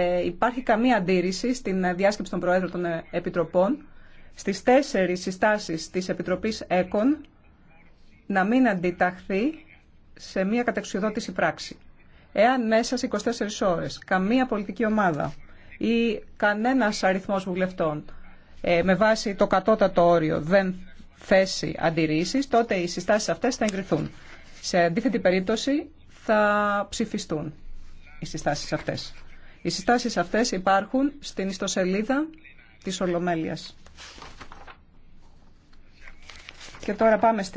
Ε, υπάρχει καμία αντίρρηση στην διάσκεψη των Προέδρων των ε, Επιτροπών στις τέσσερις συστάσεις της Επιτροπής ΕΚΟΝ να μην αντιταχθεί σε μια κατεξουδότηση πράξη. Εάν μέσα σε 24 ώρες καμία πολιτική ομάδα ή κανένας αριθμός βουλευτών ε, με βάση το κατώτατο όριο δεν θέσει αντιρρήσεις, τότε οι συστάσεις αυτές θα εγκριθούν. Σε αντίθετη περίπτωση θα ψηφιστούν οι συστάσεις αυτές. Οι συστάσεις αυτές υπάρχουν στην ιστοσελίδα της Ολομέλειας. Και τώρα πάμε στη